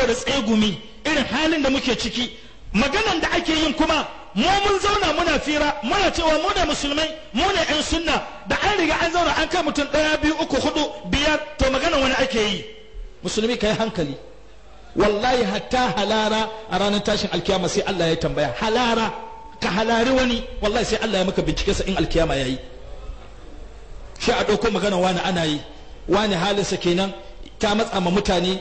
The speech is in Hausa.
saboda tsegumi irin halin da muke ciki maganan da ake yin kuma mu mun zauna muna fira muna cewa mu ne musulmai mu ne yan sunna da an riga an zauna an kai mutum ɗaya biyu uku hudu biyar to magana wani ake yi musulmi kai hankali wallahi hatta halara a ranar tashin alkiyama sai Allah ya tambaya halara ka halari wani wallahi sai Allah ya maka bincike sa in alkiyama yayi shi a ɗauko magana wani ana yi wani halinsa kenan ta matsa ma mutane